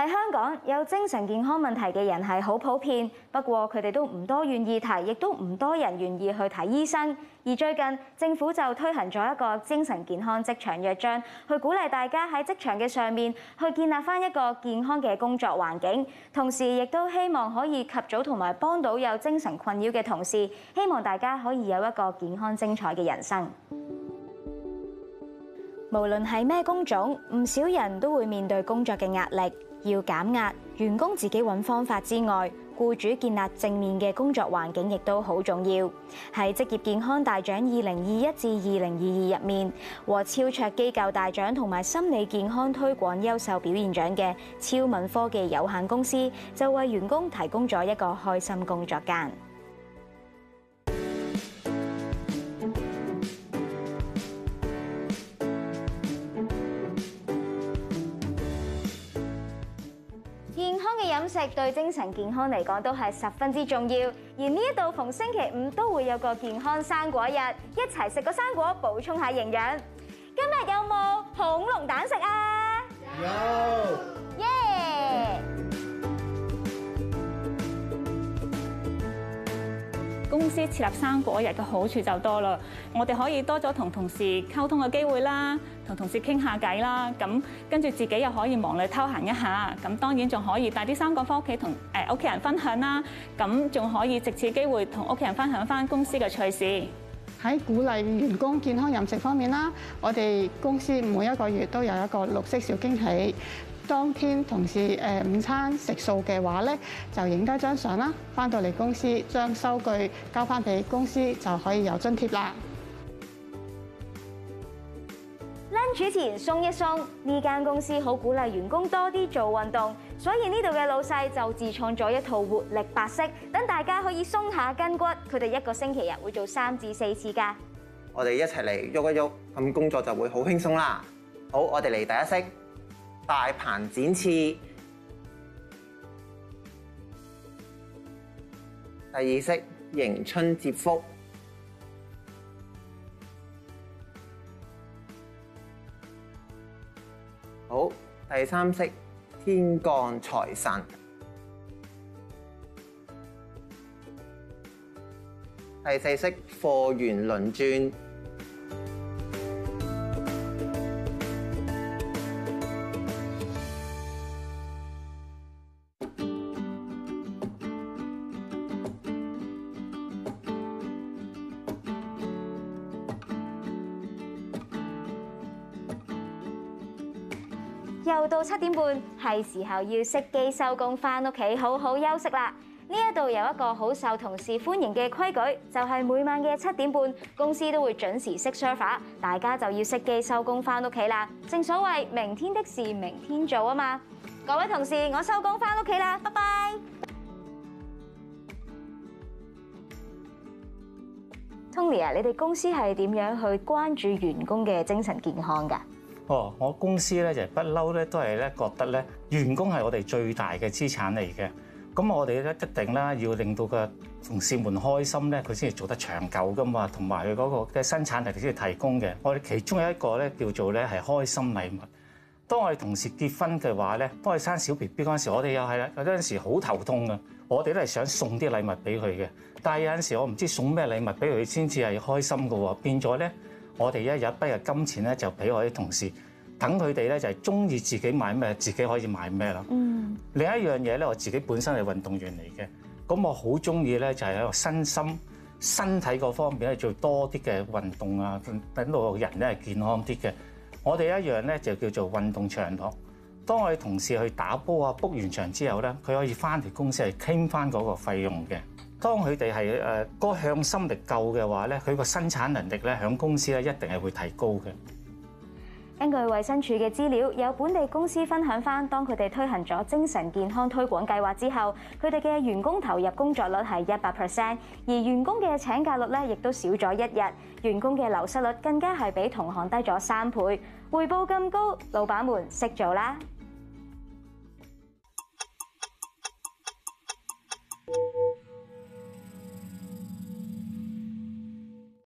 喺香港有精神健康問題嘅人係好普遍，不過，佢哋都唔多願意提，亦都唔多人願意去睇醫生。而最近政府就推行咗一個精神健康職場約章，去鼓勵大家喺職場嘅上面去建立翻一個健康嘅工作環境，同時，亦都希望可以及早同埋幫到有精神困擾嘅同事，希望大家可以有一個健康精彩嘅人生。無論係咩工種，唔少人都會面對工作嘅壓力。要減壓，員工自己揾方法之外，僱主建立正面嘅工作環境亦都好重要。喺職業健康大獎二零二一至二零二二入面，獲超卓機構大獎同埋心理健康推廣優秀表現獎嘅超敏科技有限公司，就為員工提供咗一個開心工作間。食對精神健康嚟講都係十分之重要，而呢一度逢星期五都會有個健康生果日，一齊食個生果補充下營養。今日有冇？公司設立生果日嘅好處就多啦，我哋可以多咗同同事溝通嘅機會啦，同同事傾下偈啦，咁跟住自己又可以忙裏偷閒一下，咁當然仲可以帶啲生果翻屋企同誒屋企人分享啦，咁仲可以借此機會同屋企人分享翻公司嘅趣事。喺鼓勵員工健康飲食方面啦，我哋公司每一個月都有一個綠色小驚喜。當天同事午餐食素嘅話咧，就影多張相啦。翻到嚟公司將收據交翻俾公司就可以有津貼啦。Lunch 前鬆一鬆，呢間公司好鼓勵員工多啲做運動，所以呢度嘅老細就自創咗一套活力八式，等大家可以鬆下筋骨。佢哋一個星期日會做三至四次噶。我哋一齊嚟喐一喐，咁工作就會好輕鬆啦。好，我哋嚟第一式。大鵬展翅，第二式：迎春接福，好，第三式：天降財神，第四式：貨源輪轉。又到七點半，係時候要熄機收工翻屋企，好好休息啦。呢一度有一個好受同事歡迎嘅規矩，就係每晚嘅七點半，公司都會準時熄 server，大家就要熄機收工翻屋企啦。正所謂明天的事明天做啊嘛。各位同事，我收工翻屋企啦，拜拜。Tony 啊，你哋公司係點樣去關注員工嘅精神健康噶？哦，我公司咧就不嬲咧，都係咧覺得咧員工係我哋最大嘅資產嚟嘅。咁我哋咧一定啦，要令到個同事們開心咧，佢先至做得長久噶嘛。同埋佢嗰個嘅生產力先至提供嘅。我哋其中有一個咧叫做咧係開心禮物。當我哋同事結婚嘅話咧，當我哋生小 BB 嗰陣時，我哋又係啦，有陣時好頭痛噶。我哋都係想送啲禮物俾佢嘅，但係有陣時我唔知送咩禮物俾佢先至係開心噶喎，變咗咧。我哋一日一筆嘅金錢咧，就俾我啲同事，等佢哋咧就係中意自己買咩，自己可以買咩啦。嗯、另一樣嘢咧，我自己本身係運動員嚟嘅，咁我好中意咧就係喺個身心身體嗰方面咧做多啲嘅運動啊，等到人咧係健康啲嘅。我哋一樣咧就叫做運動場。當我哋同事去打波啊，book 完場之後咧，佢可以翻嚟公司嚟傾翻嗰個費用嘅。當佢哋係誒嗰個向心力夠嘅話咧，佢個生產能力咧喺公司咧一定係會提高嘅。根據衛生署嘅資料，有本地公司分享翻，當佢哋推行咗精神健康推廣計劃之後，佢哋嘅員工投入工作率係一百 percent，而員工嘅請假率咧亦都少咗一日，員工嘅流失率更加係比同行低咗三倍，回報咁高，老闆們識做啦。